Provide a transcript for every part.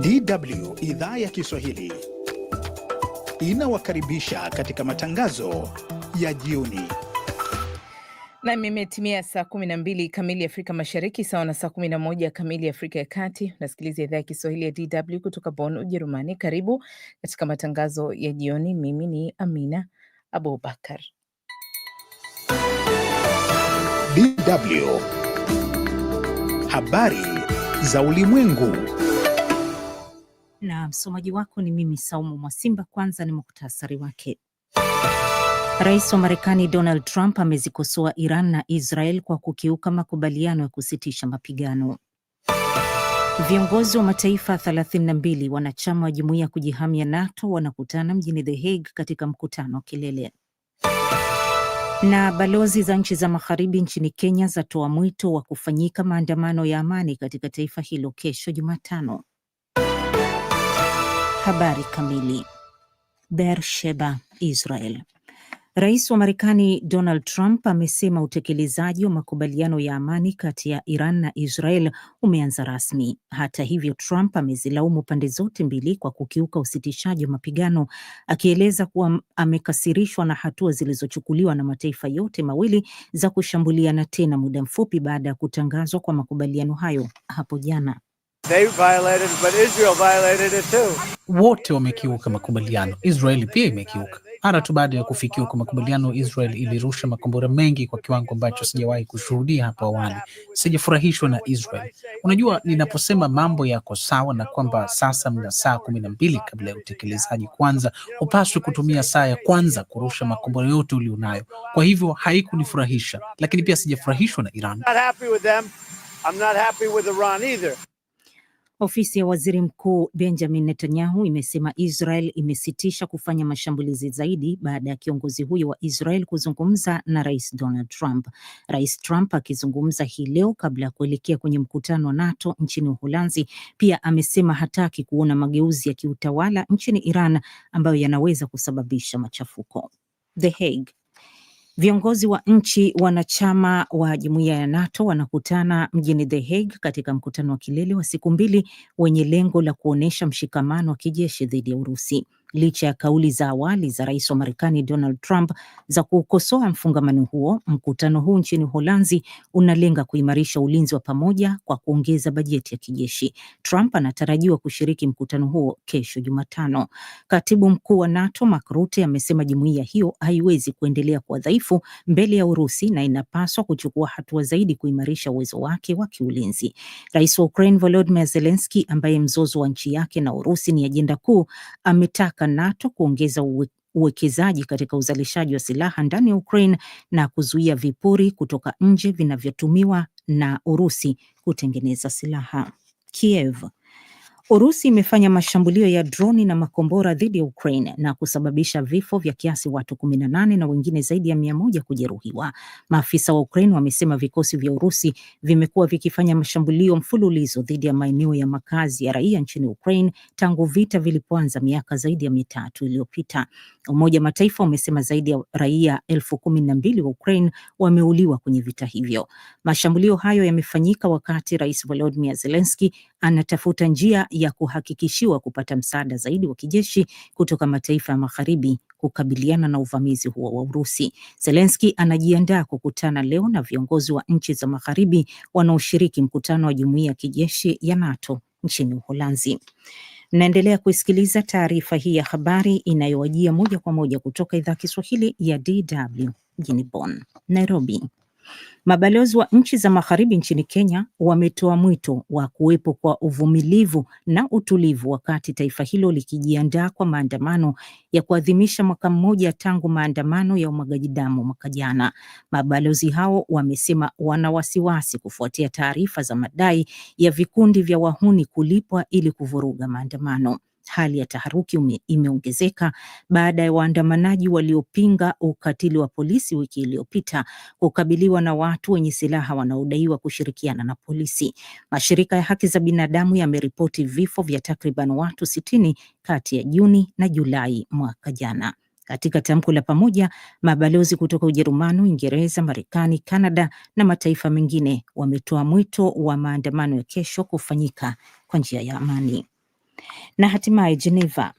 DW idhaa ya Kiswahili inawakaribisha katika matangazo ya jioni. na imetimia saa 12 kamili Afrika Mashariki, sawa na saa 11 kamili Afrika ya Kati. Unasikiliza idhaa ya Kiswahili ya DW kutoka Bonn, Ujerumani. Karibu katika matangazo ya jioni. Mimi ni Amina Abubakar. DW habari za ulimwengu na msomaji wako ni mimi Saumu Mwasimba. Kwanza ni muktasari wake. Rais wa Marekani Donald Trump amezikosoa Iran na Israel kwa kukiuka makubaliano ya kusitisha mapigano. Viongozi wa mataifa 32 wanachama wa jumuiya ya kujihamia NATO wanakutana mjini The Hague katika mkutano wa kilele. Na balozi za nchi za magharibi nchini Kenya zatoa mwito wa kufanyika maandamano ya amani katika taifa hilo kesho Jumatano. Habari kamili. Beersheba, Israel. Rais wa Marekani Donald Trump amesema utekelezaji wa makubaliano ya amani kati ya Iran na Israel umeanza rasmi. Hata hivyo, Trump amezilaumu pande zote mbili kwa kukiuka usitishaji wa mapigano, akieleza kuwa amekasirishwa na hatua zilizochukuliwa na mataifa yote mawili za kushambuliana tena muda mfupi baada ya kutangazwa kwa makubaliano hayo hapo jana. They violated, but Israel violated it too. Wote wamekiuka makubaliano, Israeli pia imekiuka. Mara tu baada ya kufikiwa kwa makubaliano, Israel ilirusha makombora mengi kwa kiwango ambacho sijawahi kushuhudia hapo awali. Sijafurahishwa na Israel. Unajua, ninaposema mambo yako sawa na kwamba sasa mna saa kumi na mbili kabla ya utekelezaji kwanza, hupaswi kutumia saa ya kwanza kurusha makombora yote ulionayo. Kwa hivyo haikunifurahisha, lakini pia sijafurahishwa na Iran. Ofisi ya waziri mkuu Benjamin Netanyahu imesema Israel imesitisha kufanya mashambulizi zaidi baada ya kiongozi huyo wa Israel kuzungumza na rais Donald Trump. Rais Trump akizungumza hii leo kabla ya kuelekea kwenye mkutano wa NATO nchini Uholanzi, pia amesema hataki kuona mageuzi ya kiutawala nchini Iran ambayo yanaweza kusababisha machafuko. The Hague Viongozi wa nchi wanachama wa jumuiya ya NATO wanakutana mjini The Hague katika mkutano wa kilele wa siku mbili wenye lengo la kuonyesha mshikamano wa kijeshi dhidi ya Urusi licha ya kauli za awali za rais wa Marekani Donald Trump za kuukosoa mfungamano huo. Mkutano huu nchini Uholanzi unalenga kuimarisha ulinzi wa pamoja kwa kuongeza bajeti ya kijeshi. Trump anatarajiwa kushiriki mkutano huo kesho Jumatano. Katibu mkuu wa NATO Mark Rutte amesema jumuiya hiyo haiwezi kuendelea kuwa dhaifu mbele ya Urusi na inapaswa kuchukua hatua zaidi kuimarisha uwezo wake wa kiulinzi. Rais wa Ukraine Volodymyr Zelensky, ambaye mzozo wa nchi yake na Urusi ni ajenda kuu, ametaka kuitaka NATO kuongeza uwekezaji katika uzalishaji wa silaha ndani ya Ukraine na kuzuia vipuri kutoka nje vinavyotumiwa na Urusi kutengeneza silaha. Kiev Urusi imefanya mashambulio ya droni na makombora dhidi ya Ukraine na kusababisha vifo vya kiasi watu kumi na nane na wengine zaidi ya mia moja kujeruhiwa. Maafisa wa Ukraine wamesema vikosi vya Urusi vimekuwa vikifanya mashambulio mfululizo dhidi ya maeneo ya makazi ya raia nchini Ukraine tangu vita vilipoanza miaka zaidi ya mitatu iliyopita. Umoja wa Mataifa umesema zaidi ya raia elfu kumi na mbili wa Ukraine wameuliwa kwenye vita hivyo. Mashambulio hayo yamefanyika wakati Rais Volodymyr Zelensky anatafuta njia ya kuhakikishiwa kupata msaada zaidi wa kijeshi kutoka mataifa ya magharibi kukabiliana na uvamizi huo wa Urusi. Zelensky anajiandaa kukutana leo na viongozi wa nchi za magharibi wanaoshiriki mkutano wa jumuiya ya kijeshi ya NATO nchini Uholanzi. Mnaendelea kuisikiliza taarifa hii ya habari inayowajia moja kwa moja kutoka idhaa Kiswahili ya DW mjini Bonn, Nairobi Mabalozi wa nchi za Magharibi nchini Kenya wametoa mwito wa kuwepo kwa uvumilivu na utulivu wakati taifa hilo likijiandaa kwa maandamano ya kuadhimisha mwaka mmoja tangu maandamano ya umwagaji damu mwaka jana. Mabalozi hao wamesema wana wasiwasi kufuatia taarifa za madai ya vikundi vya wahuni kulipwa ili kuvuruga maandamano. Hali ya taharuki imeongezeka baada ya waandamanaji waliopinga ukatili wa polisi wiki iliyopita kukabiliwa na watu wenye silaha wanaodaiwa kushirikiana na polisi. Mashirika ya haki za binadamu yameripoti vifo vya takriban watu sitini kati ya Juni na Julai mwaka jana. Katika tamko la pamoja, mabalozi kutoka Ujerumani, Uingereza, Marekani, Kanada na mataifa mengine wametoa mwito wa maandamano ya kesho kufanyika kwa njia ya amani. Na hatimaye Geneva,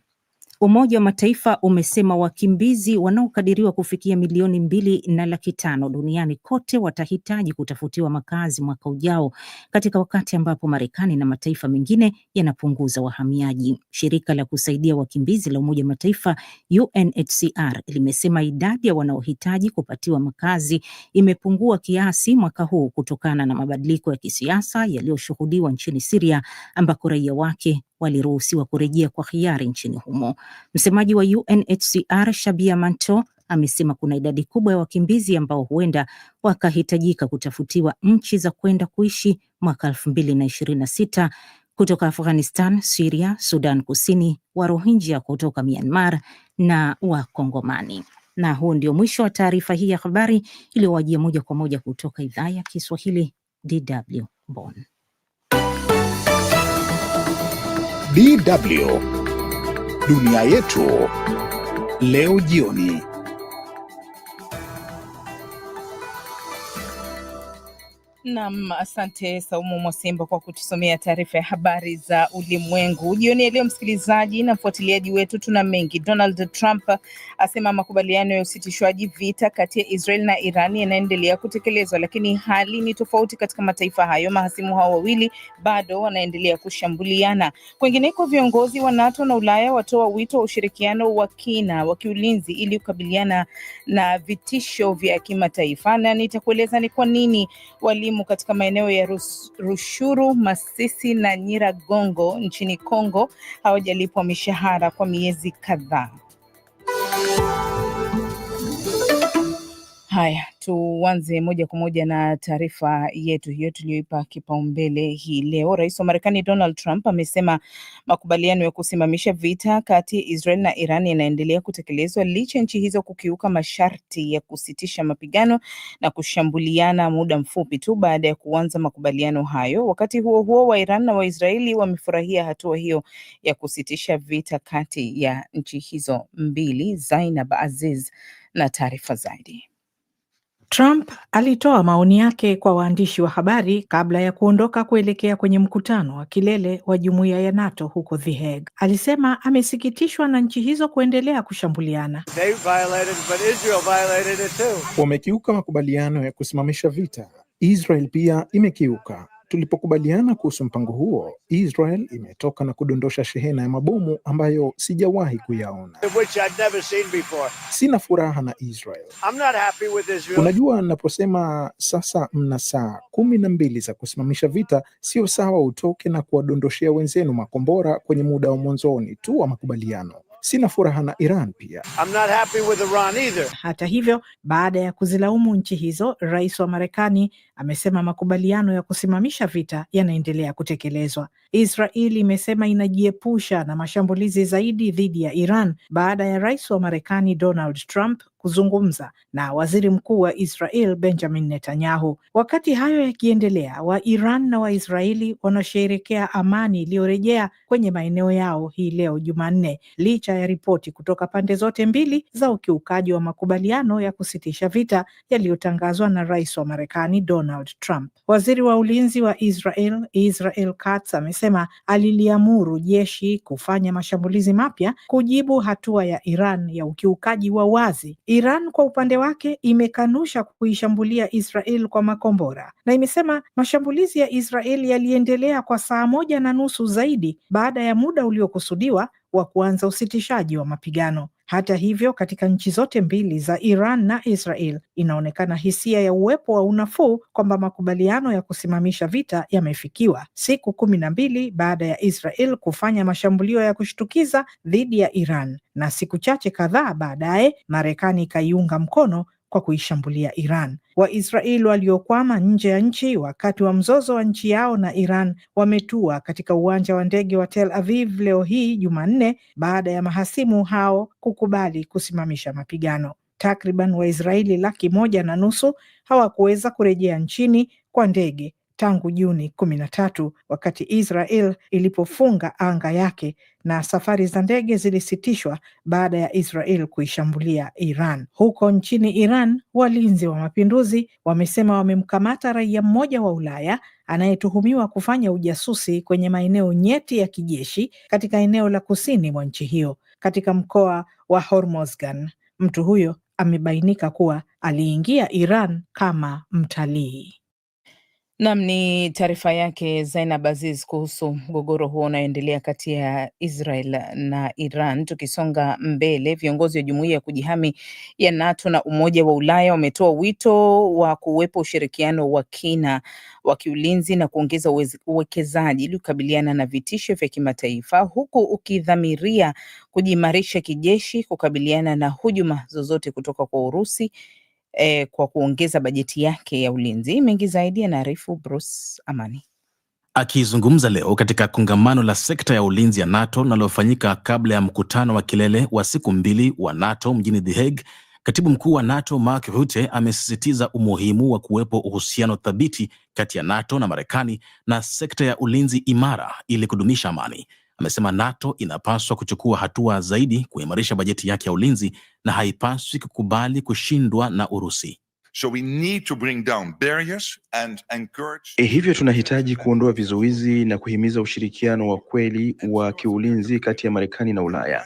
Umoja wa Mataifa umesema wakimbizi wanaokadiriwa kufikia milioni mbili na laki tano duniani kote watahitaji kutafutiwa makazi mwaka ujao katika wakati ambapo Marekani na mataifa mengine yanapunguza wahamiaji. Shirika la kusaidia wakimbizi la Umoja wa Mataifa UNHCR limesema idadi ya wanaohitaji kupatiwa makazi imepungua kiasi mwaka huu kutokana na mabadiliko ya kisiasa yaliyoshuhudiwa nchini siria ambako raia wake waliruhusiwa kurejea kwa hiari nchini humo. Msemaji wa UNHCR Shabia Manto amesema kuna idadi kubwa ya wakimbizi ambao huenda wakahitajika kutafutiwa nchi za kwenda kuishi mwaka elfu mbili na ishirini na sita kutoka Afghanistan, Siria, Sudan Kusini, wa Rohingya kutoka Myanmar na Wakongomani. Na huu ndio mwisho wa taarifa hii ya habari iliyowajia moja kwa moja kutoka idhaa ya Kiswahili DW Bonn. DW Dunia Yetu Leo Jioni. Nam, asante Saumu Mwasimba kwa kutusomea taarifa ya habari za ulimwengu jioni ya leo. Msikilizaji na mfuatiliaji wetu, tuna mengi. Donald Trump asema makubaliano ya usitishwaji vita kati ya Israel na Iran yanaendelea kutekelezwa, lakini hali ni tofauti katika mataifa hayo. Mahasimu hao wawili bado wanaendelea kushambuliana. Kwengineko, viongozi wa NATO na Ulaya watoa wito wa ushirikiano wa kina wa kiulinzi ili kukabiliana na vitisho vya kimataifa, na nitakueleza ni kwa nini wali elimu katika maeneo ya Rushuru, Masisi na Nyiragongo nchini Kongo hawajalipwa mishahara kwa miezi kadhaa. Haya, tuanze moja kwa moja na taarifa yetu hiyo tuliyoipa kipaumbele hii leo. Rais wa Marekani Donald Trump amesema makubaliano ya kusimamisha vita kati ya Israel na Iran yanaendelea kutekelezwa licha ya nchi hizo kukiuka masharti ya kusitisha mapigano na kushambuliana muda mfupi tu baada ya kuanza makubaliano hayo. Wakati huo huo, wa Iran na Waisraeli wamefurahia hatua hiyo ya kusitisha vita kati ya nchi hizo mbili. Zainab Aziz na taarifa zaidi. Trump alitoa maoni yake kwa waandishi wa habari kabla ya kuondoka kuelekea kwenye mkutano wa kilele wa jumuiya ya NATO huko The Hague. Alisema amesikitishwa na nchi hizo kuendelea kushambuliana. Wamekiuka makubaliano ya kusimamisha vita. Israel pia imekiuka. Tulipokubaliana kuhusu mpango huo, Israel imetoka na kudondosha shehena ya mabomu ambayo sijawahi kuyaona. Sina furaha na Israel. I'm not happy with Israel. Unajua, naposema sasa mna saa kumi na mbili za kusimamisha vita, sio sawa utoke na kuwadondoshea wenzenu makombora kwenye muda wa mwanzoni tu wa makubaliano. Sina furaha na Iran pia. I'm not happy with Iran either. Hata hivyo, baada ya kuzilaumu nchi hizo, rais wa Marekani amesema makubaliano ya kusimamisha vita yanaendelea kutekelezwa. Israel imesema inajiepusha na mashambulizi zaidi dhidi ya Iran baada ya rais wa Marekani Donald Trump kuzungumza na waziri mkuu wa Israel Benjamin Netanyahu. Wakati hayo yakiendelea, wa Iran na Waisraeli wanasherekea amani iliyorejea kwenye maeneo yao hii leo Jumanne, licha ya ripoti kutoka pande zote mbili za ukiukaji wa makubaliano ya kusitisha vita yaliyotangazwa na rais wa Marekani Donald Donald Trump. Waziri wa ulinzi wa Israel Israel Katz amesema aliliamuru jeshi kufanya mashambulizi mapya kujibu hatua ya Iran ya ukiukaji wa wazi. Iran kwa upande wake imekanusha kuishambulia Israel kwa makombora na imesema mashambulizi ya Israel yaliendelea kwa saa moja na nusu zaidi baada ya muda uliokusudiwa wa kuanza usitishaji wa mapigano. Hata hivyo, katika nchi zote mbili za Iran na Israel inaonekana hisia ya uwepo wa unafuu kwamba makubaliano ya kusimamisha vita yamefikiwa siku kumi na mbili baada ya Israel kufanya mashambulio ya kushtukiza dhidi ya Iran na siku chache kadhaa baadaye Marekani ikaiunga mkono kwa kuishambulia Iran. Waisraeli waliokwama nje ya nchi wakati wa mzozo wa nchi yao na Iran wametua katika uwanja wa ndege wa Tel Aviv leo hii Jumanne baada ya mahasimu hao kukubali kusimamisha mapigano. Takriban Waisraeli laki moja na nusu hawakuweza kurejea nchini kwa ndege tangu Juni kumi na tatu wakati Israel ilipofunga anga yake na safari za ndege zilisitishwa baada ya Israel kuishambulia Iran. Huko nchini Iran, walinzi wa mapinduzi wamesema wamemkamata raia mmoja wa Ulaya anayetuhumiwa kufanya ujasusi kwenye maeneo nyeti ya kijeshi katika eneo la kusini mwa nchi hiyo katika mkoa wa Hormozgan. Mtu huyo amebainika kuwa aliingia Iran kama mtalii nam ni taarifa yake Zainab Aziz kuhusu mgogoro huo unaoendelea kati ya Israel na Iran. Tukisonga mbele, viongozi wa jumuiya ya kujihami ya NATO na Umoja wa Ulaya wametoa wito wa kuwepo ushirikiano wa kina wa kiulinzi na kuongeza uwekezaji ili kukabiliana na vitisho vya kimataifa, huku ukidhamiria kujiimarisha kijeshi kukabiliana na hujuma zozote kutoka kwa Urusi eh, kwa kuongeza bajeti yake ya ulinzi. Mengi zaidi yanaarifu Bruce Amani. Akizungumza leo katika kongamano la sekta ya ulinzi ya NATO linalofanyika kabla ya mkutano wa kilele wa siku mbili wa NATO mjini The Hague, katibu mkuu wa NATO Mark Rutte amesisitiza umuhimu wa kuwepo uhusiano thabiti kati ya NATO na Marekani na sekta ya ulinzi imara ili kudumisha amani amesema NATO inapaswa kuchukua hatua zaidi kuimarisha bajeti yake ya ulinzi na haipaswi kukubali kushindwa na Urusi. So we need to bring down barriers and encourage... E, hivyo tunahitaji kuondoa vizuizi na kuhimiza ushirikiano wa kweli wa kiulinzi kati ya Marekani na Ulaya.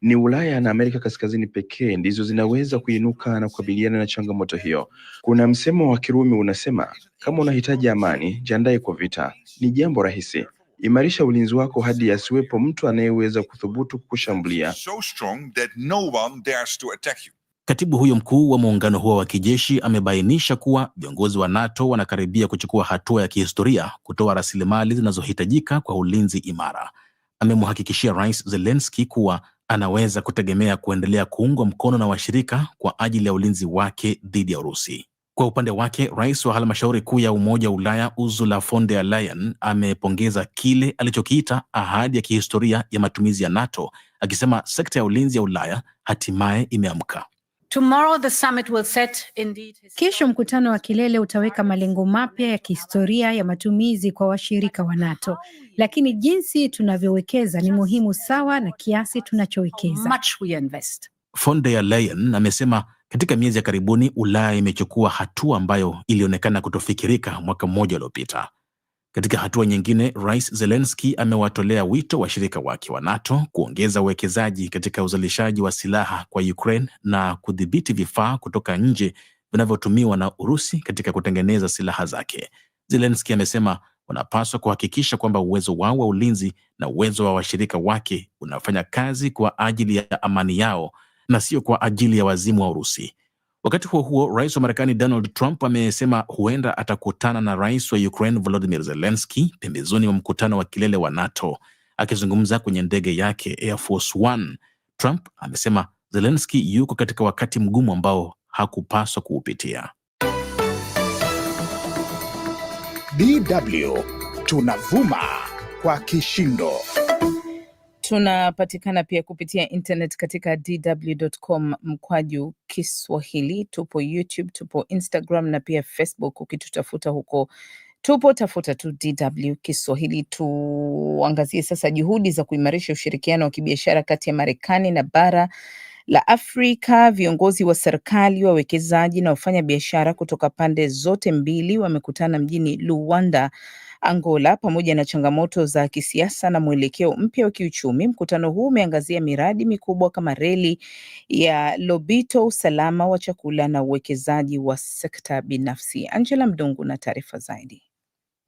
Ni Ulaya na Amerika Kaskazini pekee ndizo zinaweza kuinuka na kukabiliana na changamoto hiyo. Kuna msemo wa Kirumi unasema, kama unahitaji amani, jiandae kwa vita. Ni jambo rahisi Imarisha ulinzi wako hadi asiwepo mtu anayeweza kuthubutu kushambulia. So no Katibu huyo mkuu wa muungano huo wa kijeshi amebainisha kuwa viongozi wa NATO wanakaribia kuchukua hatua ya kihistoria kutoa rasilimali zinazohitajika kwa ulinzi imara. Amemhakikishia Rais Zelensky kuwa anaweza kutegemea kuendelea kuungwa mkono na washirika kwa ajili ya ulinzi wake dhidi ya Urusi. Kwa upande wake, rais wa halmashauri kuu ya Umoja wa Ulaya Ursula von der Leyen amepongeza kile alichokiita ahadi ya kihistoria ya matumizi ya NATO, akisema sekta ya ulinzi ya Ulaya hatimaye imeamka. Kesho mkutano wa kilele utaweka malengo mapya ya kihistoria ya matumizi kwa washirika wa NATO, lakini jinsi tunavyowekeza ni muhimu sawa na kiasi tunachowekeza. Von der Leyen amesema katika miezi ya karibuni, Ulaya imechukua hatua ambayo ilionekana kutofikirika mwaka mmoja uliopita. Katika hatua nyingine, Rais Zelensky amewatolea wito washirika wake wa NATO kuongeza uwekezaji katika uzalishaji wa silaha kwa Ukraine na kudhibiti vifaa kutoka nje vinavyotumiwa na Urusi katika kutengeneza silaha zake. Zelensky amesema wanapaswa kuhakikisha kwamba uwezo wao wa ulinzi na uwezo wa washirika wake unafanya kazi kwa ajili ya amani yao na sio kwa ajili ya wazimu wa Urusi. Wakati huo huo, rais wa Marekani Donald Trump amesema huenda atakutana na rais wa Ukraine Volodymyr Zelensky pembezoni mwa mkutano wa kilele wa NATO. Akizungumza kwenye ndege yake Air Force One, Trump amesema Zelensky yuko katika wakati mgumu ambao hakupaswa kuupitia. DW tunavuma kwa kishindo. Tunapatikana pia kupitia internet katika dw.com mkwaju Kiswahili. Tupo YouTube, tupo Instagram na pia Facebook. Ukitutafuta huko tupo, tafuta tu DW Kiswahili. Tuangazie sasa juhudi za kuimarisha ushirikiano wa kibiashara kati ya Marekani na bara la Afrika. Viongozi wa serikali, wawekezaji na wafanyabiashara kutoka pande zote mbili wamekutana mjini Luanda Angola pamoja na changamoto za kisiasa na mwelekeo mpya wa kiuchumi. Mkutano huu umeangazia miradi mikubwa kama reli ya Lobito, usalama wa chakula na uwekezaji wa sekta binafsi. Angela Mdungu na taarifa zaidi.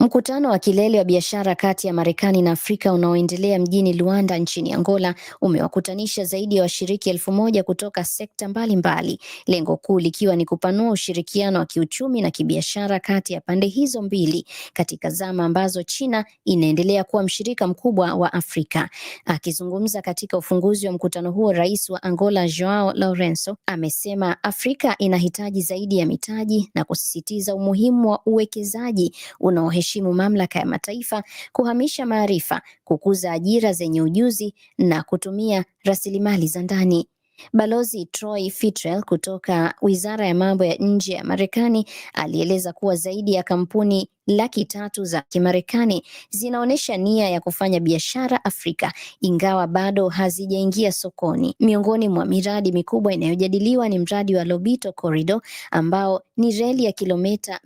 Mkutano wa kilele wa biashara kati ya Marekani na Afrika unaoendelea mjini Luanda nchini Angola umewakutanisha zaidi ya washiriki elfu moja kutoka sekta mbalimbali, lengo kuu likiwa ni kupanua ushirikiano wa kiuchumi na kibiashara kati ya pande hizo mbili katika zama ambazo China inaendelea kuwa mshirika mkubwa wa Afrika. Akizungumza katika ufunguzi wa mkutano huo, Rais wa Angola Joao Lourenco amesema Afrika inahitaji zaidi ya mitaji na kusisitiza umuhimu wa uwekezaji unaoheshimu kuheshimu mamlaka ya mataifa, kuhamisha maarifa, kukuza ajira zenye ujuzi na kutumia rasilimali za ndani. Balozi Troy Fitrell kutoka Wizara ya Mambo ya Nje ya Marekani alieleza kuwa zaidi ya kampuni laki tatu za Kimarekani zinaonyesha nia ya kufanya biashara Afrika, ingawa bado hazijaingia sokoni. Miongoni mwa miradi mikubwa inayojadiliwa ni mradi wa Lobito Corridor ambao ni reli ya kilomita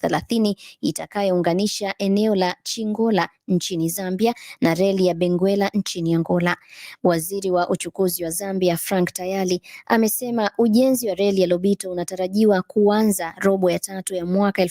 thelathini itakayounganisha eneo la Chingola nchini Zambia na reli ya Benguela nchini Angola. Waziri wa uchukuzi wa Zambia Frank Tayali amesema ujenzi wa reli ya Lobito unatarajiwa kuanza robo ya tatu ya mwaka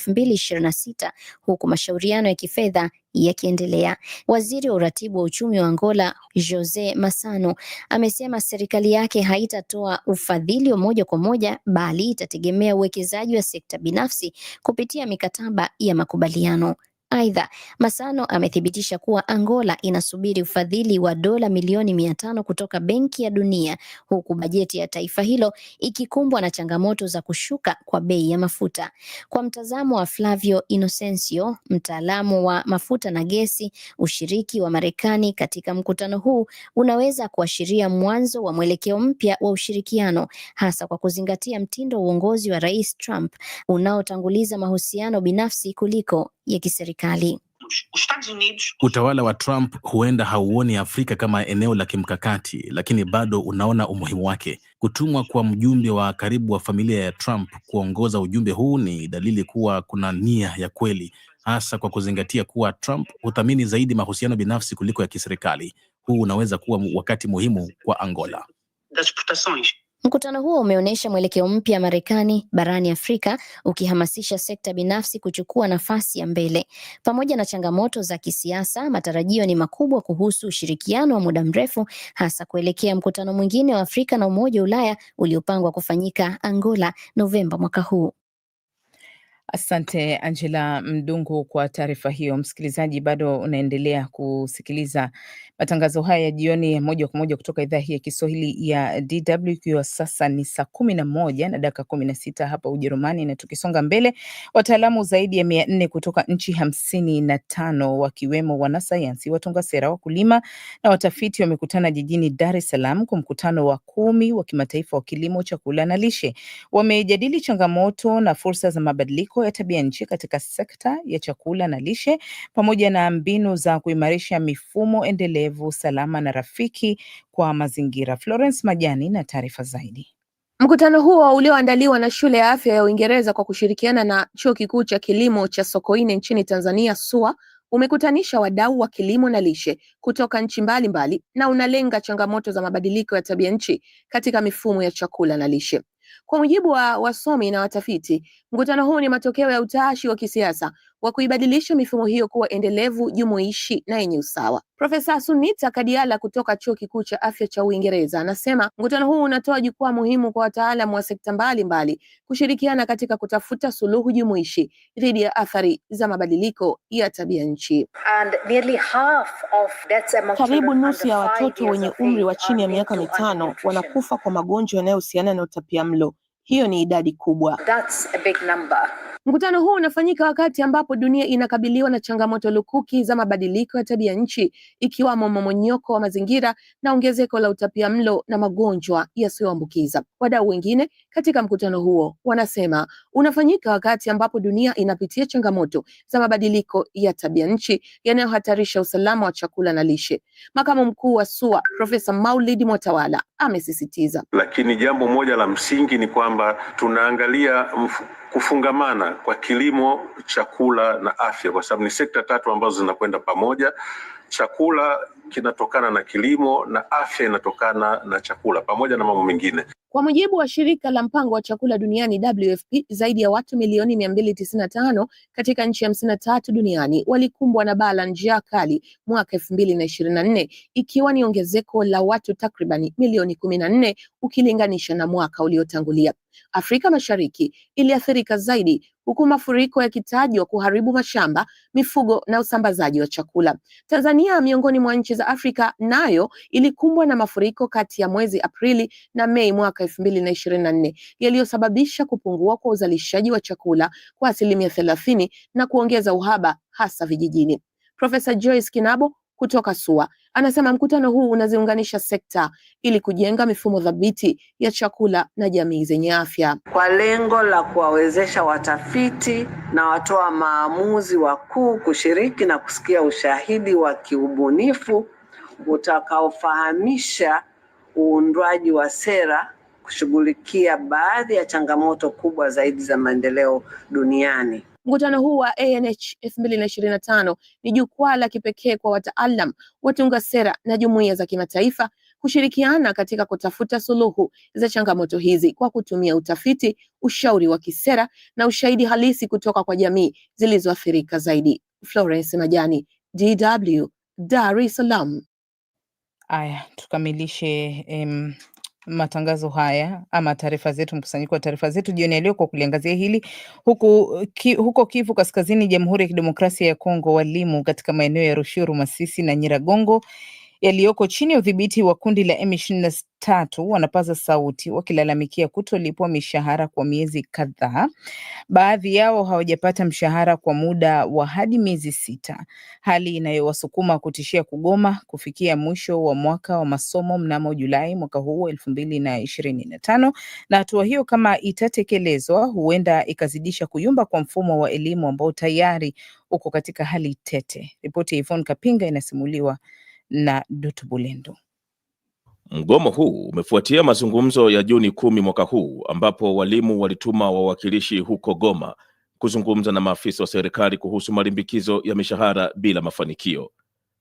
sita huku mashauriano ya kifedha yakiendelea. Waziri wa uratibu wa uchumi wa Angola, Jose Massano, amesema serikali yake haitatoa ufadhili wa moja kwa moja bali itategemea uwekezaji wa sekta binafsi kupitia mikataba ya makubaliano. Aidha, Masano amethibitisha kuwa Angola inasubiri ufadhili wa dola milioni mia tano kutoka Benki ya Dunia huku bajeti ya taifa hilo ikikumbwa na changamoto za kushuka kwa bei ya mafuta. Kwa mtazamo wa Flavio Innocencio, mtaalamu wa mafuta na gesi, ushiriki wa Marekani katika mkutano huu unaweza kuashiria mwanzo wa mwelekeo mpya wa ushirikiano, hasa kwa kuzingatia mtindo wa uongozi wa Rais Trump unaotanguliza mahusiano binafsi kuliko ya kiserikali serikali. Utawala wa Trump huenda hauoni Afrika kama eneo la kimkakati, lakini bado unaona umuhimu wake. Kutumwa kwa mjumbe wa karibu wa familia ya Trump kuongoza ujumbe huu ni dalili kuwa kuna nia ya kweli, hasa kwa kuzingatia kuwa Trump huthamini zaidi mahusiano binafsi kuliko ya kiserikali. Huu unaweza kuwa wakati muhimu kwa Angola. Mkutano huo umeonyesha mwelekeo mpya Marekani barani Afrika ukihamasisha sekta binafsi kuchukua nafasi ya mbele. Pamoja na changamoto za kisiasa, matarajio ni makubwa kuhusu ushirikiano wa muda mrefu hasa kuelekea mkutano mwingine wa Afrika na Umoja wa Ulaya uliopangwa kufanyika Angola Novemba mwaka huu. Asante Angela Mdungu kwa taarifa hiyo. Msikilizaji, bado unaendelea kusikiliza matangazo haya ya jioni ya moja kwa moja kutoka idhaa hii ya Kiswahili ya DW, ikiwa sasa ni saa kumi na moja na dakika kumi na sita hapa Ujerumani. Na tukisonga mbele, wataalamu zaidi ya mia nne kutoka nchi hamsini na tano wakiwemo wanasayansi, watunga sera, wakulima na watafiti wamekutana jijini Dar es Salaam kwa mkutano wa kumi wa kimataifa wa kilimo, chakula na lishe. Wamejadili changamoto na fursa za mabadiliko mabadiliko ya tabia nchi katika sekta ya chakula na lishe pamoja na mbinu za kuimarisha mifumo endelevu, salama na rafiki kwa mazingira. Florence Majani na taarifa zaidi. Mkutano huo ulioandaliwa na shule ya afya ya Uingereza kwa kushirikiana na chuo kikuu cha kilimo cha Sokoine nchini Tanzania, SUA, umekutanisha wadau wa kilimo na lishe kutoka nchi mbalimbali na unalenga changamoto za mabadiliko ya tabia nchi katika mifumo ya chakula na lishe. Kwa mujibu wa wasomi na watafiti, mkutano huu ni matokeo ya utashi wa kisiasa wa kuibadilisha mifumo hiyo kuwa endelevu, jumuishi na yenye usawa. Profesa Sunita Kadiala kutoka Chuo Kikuu cha Afya cha Uingereza anasema mkutano huu unatoa jukwaa muhimu kwa wataalam wa sekta mbalimbali kushirikiana katika kutafuta suluhu jumuishi dhidi ya athari za mabadiliko ya tabia nchi. Karibu nusu ya watoto wenye umri wa chini ya miaka mitano wanakufa kwa magonjwa yanayohusiana na utapia mlo. Hiyo ni idadi kubwa. That's a big number. Mkutano huu unafanyika wakati ambapo dunia inakabiliwa na changamoto lukuki za mabadiliko ya tabia nchi ikiwamo mmomonyoko wa mazingira na ongezeko la utapia mlo na magonjwa yasiyoambukiza. Wadau wengine katika mkutano huo wanasema unafanyika wakati ambapo dunia inapitia changamoto za mabadiliko ya tabia nchi yanayohatarisha usalama wa chakula na lishe. Makamu mkuu wa SUA Profesa Maulidi Mwatawala amesisitiza, lakini jambo moja la msingi ni kwamba tunaangalia mfu kufungamana kwa kilimo, chakula na afya, kwa sababu ni sekta tatu ambazo zinakwenda pamoja. Chakula kinatokana na kilimo na afya inatokana na chakula pamoja na mambo mengine. Kwa mujibu wa shirika la mpango wa chakula duniani WFP, zaidi ya watu milioni mia mbili tisini na tano katika nchi hamsini na tatu duniani walikumbwa na baa la njaa kali mwaka elfu mbili na ishirini na nne ikiwa ni ongezeko la watu takribani milioni kumi na nne ukilinganisha na mwaka uliotangulia. Afrika Mashariki iliathirika zaidi huku mafuriko yakitajwa kuharibu mashamba, mifugo na usambazaji wa chakula. Tanzania miongoni mwa nchi za Afrika nayo ilikumbwa na mafuriko kati ya mwezi Aprili na Mei mwaka elfu mbili na ishirini na nne yaliyosababisha kupungua kwa uzalishaji wa chakula kwa asilimia thelathini na kuongeza uhaba hasa vijijini. Profesa Joyce Kinabo kutoka SUA anasema mkutano huu unaziunganisha sekta ili kujenga mifumo thabiti ya chakula na jamii zenye afya kwa lengo la kuwawezesha watafiti na watoa maamuzi wakuu kushiriki na kusikia ushahidi wa kiubunifu utakaofahamisha uundwaji wa sera kushughulikia baadhi ya changamoto kubwa zaidi za maendeleo duniani. Mkutano huu wa ANH 2025 ni jukwaa la kipekee kwa wataalam, watunga sera na jumuiya za kimataifa kushirikiana katika kutafuta suluhu za changamoto hizi kwa kutumia utafiti, ushauri wa kisera na ushahidi halisi kutoka kwa jamii zilizoathirika zaidi. Florence Majani, DW, Dar es Salaam. Aya, tukamilishe um, matangazo haya ama taarifa zetu, mkusanyiko wa taarifa zetu jioni ya leo kwa kuliangazia hili huku, ki, huko Kivu Kaskazini, Jamhuri ya Kidemokrasia ya Kongo, walimu katika maeneo ya Rushuru, Masisi na Nyiragongo yaliyoko chini ya udhibiti wa kundi la M23 wanapaza sauti wakilalamikia kutolipwa mishahara kwa miezi kadhaa. Baadhi yao hawajapata mshahara kwa muda wa hadi miezi sita, hali inayowasukuma kutishia kugoma kufikia mwisho wa mwaka wa masomo mnamo Julai mwaka huu elfu mbili na ishirini na tano. Na hatua hiyo kama itatekelezwa, huenda ikazidisha kuyumba kwa mfumo wa elimu ambao tayari uko katika hali tete. Ripoti ya Yvonne Kapinga inasimuliwa na Dutu Bulendo. Mgomo huu umefuatia mazungumzo ya Juni kumi mwaka huu ambapo walimu walituma wawakilishi huko Goma kuzungumza na maafisa wa serikali kuhusu malimbikizo ya mishahara bila mafanikio.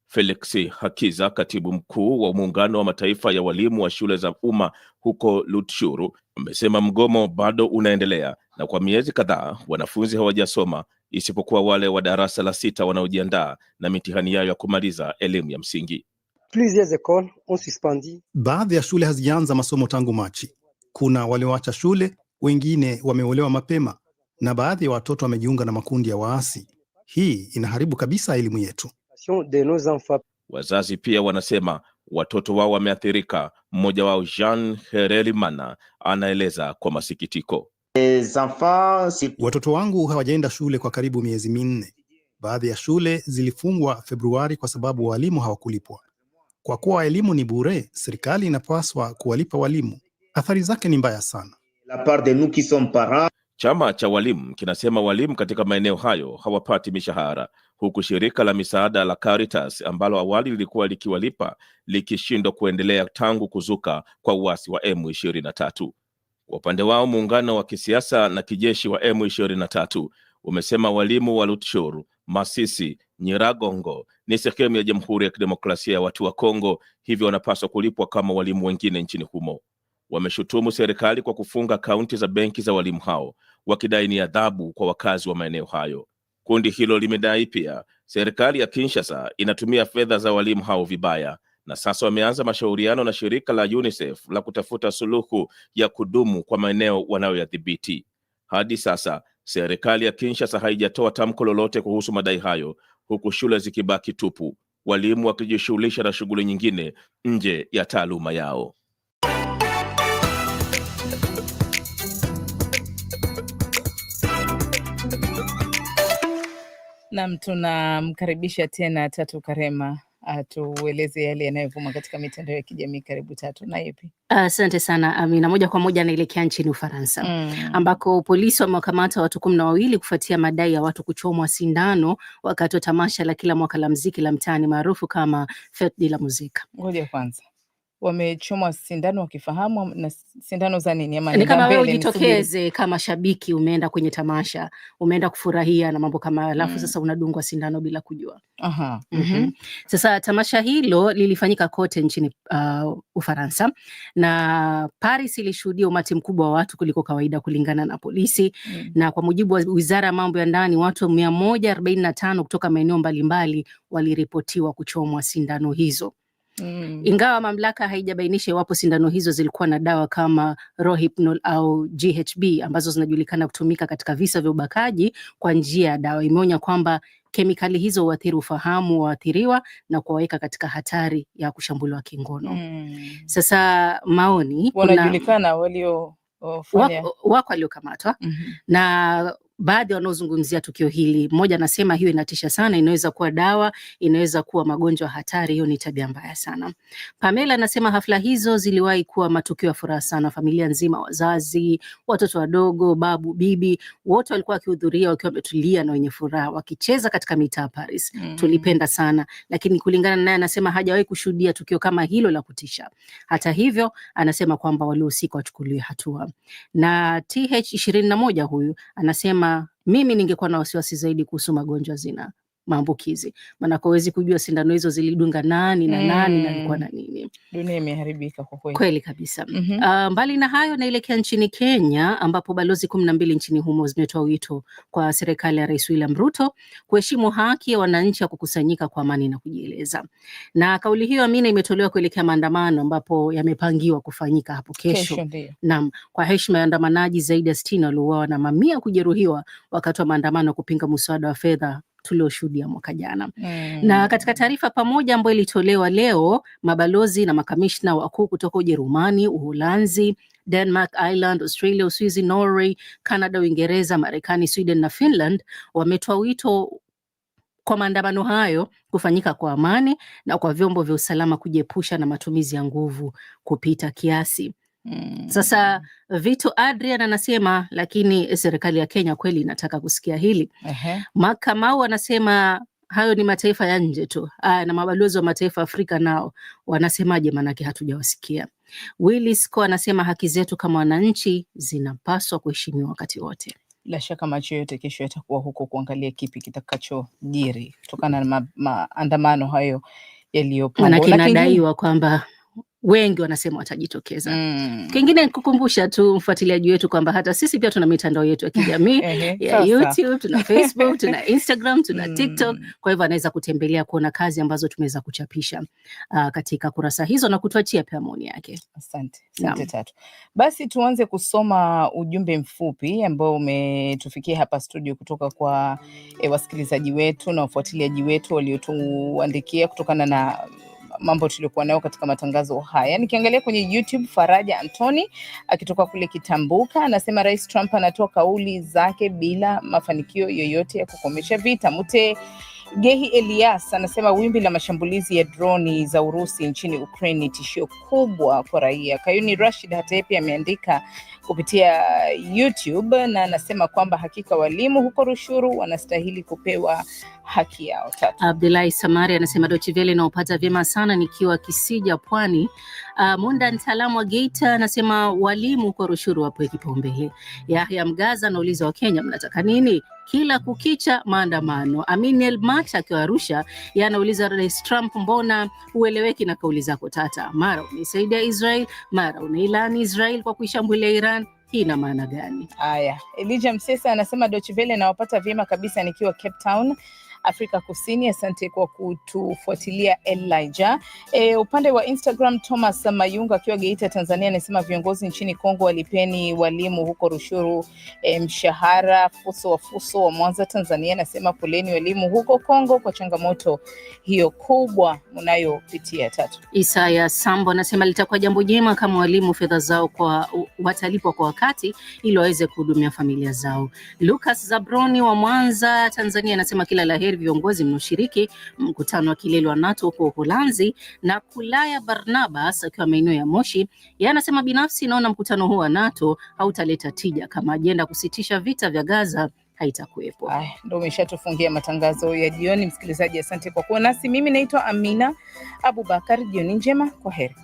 Felix Hakiza, katibu mkuu wa Muungano wa Mataifa ya Walimu wa Shule za Umma huko Lutshuru, amesema mgomo bado unaendelea na kwa miezi kadhaa wanafunzi hawajasoma isipokuwa wale wa darasa la sita wanaojiandaa na mitihani yao ya kumaliza elimu ya msingi. Baadhi ya shule hazijaanza masomo tangu Machi. Kuna walioacha shule, wengine wameolewa mapema, na baadhi ya watoto wamejiunga na makundi ya waasi. Hii inaharibu kabisa elimu yetu. Wazazi pia wanasema watoto wao wameathirika. Mmoja wao Jean Herelimana anaeleza kwa masikitiko. Watoto wangu hawajaenda shule kwa karibu miezi minne. Baadhi ya shule zilifungwa Februari kwa sababu walimu hawakulipwa. Kwa kuwa elimu ni bure, serikali inapaswa kuwalipa walimu. Athari zake ni mbaya sana. Chama cha walimu kinasema walimu katika maeneo hayo hawapati mishahara, huku shirika la misaada la Caritas ambalo awali lilikuwa likiwalipa likishindwa kuendelea tangu kuzuka kwa uasi wa M23. Kwa upande wao, muungano wa kisiasa na kijeshi wa M23 umesema walimu wa Rutshuru, Masisi, Nyiragongo ni sehemu ya Jamhuri ya Kidemokrasia ya Watu wa Kongo, hivyo wanapaswa kulipwa kama walimu wengine nchini humo. Wameshutumu serikali kwa kufunga kaunti za benki za walimu hao, wakidai ni adhabu kwa wakazi wa maeneo hayo. Kundi hilo limedai pia serikali ya Kinshasa inatumia fedha za walimu hao vibaya na sasa wameanza mashauriano na shirika la UNICEF la kutafuta suluhu ya kudumu kwa maeneo wanayoyadhibiti. Hadi sasa serikali ya Kinshasa haijatoa tamko lolote kuhusu madai hayo, huku shule zikibaki tupu, walimu wakijishughulisha na shughuli nyingine nje ya taaluma yao. Nam, tunamkaribisha tena Tatu Karema atueleze yale yanayovuma katika mitandao ya kijamii. Karibu Tatu na yepi. Asante uh, sana Amina. Moja kwa moja anaelekea nchini Ufaransa mm, ambako polisi wamewakamata watu kumi na wawili kufuatia madai ya watu kuchomwa sindano wakati wa tamasha la kila mwaka la mziki la mtaani maarufu kama Fete de la Musique. Ngoja kwanza wamechomwa sindano wakifahamu na sindano za nini ama ni yaani kama wewe ujitokeze kama shabiki, umeenda kwenye tamasha, umeenda kufurahia na mambo kama alafu mm. Sasa unadungwa sindano bila kujua. Aha. Mm -hmm. Mm -hmm. Sasa tamasha hilo lilifanyika kote nchini uh, Ufaransa na Paris ilishuhudia umati mkubwa wa watu kuliko kawaida kulingana na polisi mm. Na kwa mujibu wa Wizara ya Mambo ya Ndani, watu mia moja arobaini na tano kutoka maeneo mbalimbali waliripotiwa kuchomwa sindano hizo. Mm. Ingawa mamlaka haijabainisha iwapo sindano hizo zilikuwa na dawa kama Rohypnol au GHB ambazo zinajulikana kutumika katika visa vya ubakaji kwa njia ya dawa, imeonya kwamba kemikali hizo huathiri ufahamu wa waathiriwa na kuwaweka katika hatari ya kushambuliwa kingono. Mm. Sasa maoni wanajulikana walio uh, wako waliokamatwa mm -hmm. na baadhi wanaozungumzia tukio hili, mmoja anasema hiyo inatisha sana, inaweza kuwa dawa, inaweza kuwa magonjwa hatari, hiyo ni tabia mbaya sana. Pamela anasema hafla hizo ziliwahi kuwa matukio ya furaha sana, familia nzima, wazazi, watoto wadogo, babu, bibi, wote walikuwa wakihudhuria wakiwa wametulia na wenye furaha, wakicheza katika mitaa ya Paris. mm -hmm. Tulipenda sana, lakini kulingana naye, anasema hajawahi kushuhudia tukio kama hilo la kutisha. Hata hivyo, anasema kwamba waliohusika wachukuliwe hatua. Na th ishirini na moja huyu anasema mimi ningekuwa na wasiwasi zaidi kuhusu magonjwa zinaa maambukizi, maana huwezi kujua sindano hizo zilidunga nani na nani na alikuwa mm. na nini. Dunia imeharibika kwa kweli, kweli kabisa. mm -hmm. Uh, mbali na hayo, naelekea nchini Kenya ambapo balozi kumi na mbili nchini humo zimetoa wito kwa serikali ya Rais William Ruto kuheshimu haki ya wananchi ya kukusanyika kwa amani na kujieleza. Na kauli hiyo Amina, imetolewa kuelekea maandamano ambapo yamepangiwa kufanyika hapo kesho, kesho naam, kwa heshima ya waandamanaji zaidi ya sitini waliouawa na mamia kujeruhiwa wakati wa maandamano ya kupinga muswada wa fedha tulioshuhudia mwaka jana mm. Na katika taarifa pamoja ambayo ilitolewa leo, mabalozi na makamishna wakuu kutoka Ujerumani, Uholanzi, Denmark, Ireland, Australia, Uswizi, Norway, Canada, Uingereza, Marekani, Sweden na Finland wametoa wito kwa maandamano hayo kufanyika kwa amani na kwa vyombo vya usalama kujiepusha na matumizi ya nguvu kupita kiasi. Mm. Sasa Vito Adrian anasema lakini serikali ya Kenya kweli inataka kusikia hili. Makamau anasema hayo ni mataifa ya nje tu. Aa, na mabalozi wa mataifa Afrika nao wanasemaje? Maanake hatujawasikia. Willis Co anasema haki zetu kama wananchi zinapaswa kuheshimiwa wakati wote. Bila shaka macho yote kesho yatakuwa huko kuangalia kipi kitakachojiri kutokana na maandamano ma hayo yaliyopo, manake inadaiwa kwamba wengi wanasema watajitokeza. Mm. Kingine kukumbusha tu mfuatiliaji wetu kwamba hata sisi pia tuna mitandao yetu ya kijamii ya YouTube, tuna Facebook, tuna Instagram, tuna mm. TikTok. Kwa hivyo anaweza kutembelea kuona kazi ambazo tumeweza kuchapisha uh, katika kurasa hizo na kutuachia pia maoni yake. Asante. Asante Tatu. Basi tuanze kusoma ujumbe mfupi ambao umetufikia hapa studio kutoka kwa e, wasikilizaji wetu na wafuatiliaji wetu waliotuandikia kutokana na mambo tuliokuwa nayo katika matangazo haya. Nikiangalia kwenye YouTube, Faraja Antoni akitoka kule Kitambuka anasema Rais Trump anatoa kauli zake bila mafanikio yoyote ya kukomesha vita. Mute Gehi Elias anasema wimbi la mashambulizi ya droni za Urusi nchini Ukraine ni tishio kubwa kwa raia. Kayuni Rashid hata yeye pia ameandika kupitia YouTube na anasema kwamba hakika walimu huko Rushuru wanastahili kupewa haki yao. Tatu, Abdulahi Samari anasema dochivele naopata vyema sana nikiwa Kisija Pwani. Uh, Munda mtaalamu wa Geita anasema walimu huko Rushuru wapewe kipaumbele. Yahya Mgaza anauliza Wakenya mnataka nini? kila kukicha maandamano. Amin Elmat Mat akiwa Arusha yanauliza Rais Trump, mbona hueleweki na kauli zako tata? Mara unaisaidia Israel, mara unailani Israel kwa kuishambulia Iran. Hii ina maana gani? Haya, elija Msesa anasema dochvele nawapata vyema kabisa nikiwa Cape Town. Afrika Kusini. Asante kwa kutufuatilia Elijah. E, upande wa Instagram Thomas Mayunga akiwa Geita, Tanzania anasema viongozi nchini Kongo walipeni walimu huko Rushuru e, mshahara. Fuso wa Fuso wa Mwanza, Tanzania anasema poleni walimu huko Kongo kwa changamoto hiyo kubwa mnayopitia. Tatu Isaya Sambo anasema litakuwa jambo jema kama walimu fedha zao kwa watalipwa kwa wakati ili waweze kuhudumia familia zao. Lucas Zabroni wa Mwanza, Tanzania anasema kila la heri viongozi mnaoshiriki mkutano wa kilele wa NATO huko Uholanzi. Na Kulaya Barnabas akiwa maeneo ya Moshi, yeye anasema binafsi, naona mkutano huu wa NATO hautaleta tija kama ajenda kusitisha vita vya Gaza haitakuwepo. Ndio umeshatufungia matangazo ya jioni, msikilizaji, asante kwa kuwa nasi. Mimi naitwa Amina Abubakar, jioni njema, kwa heri.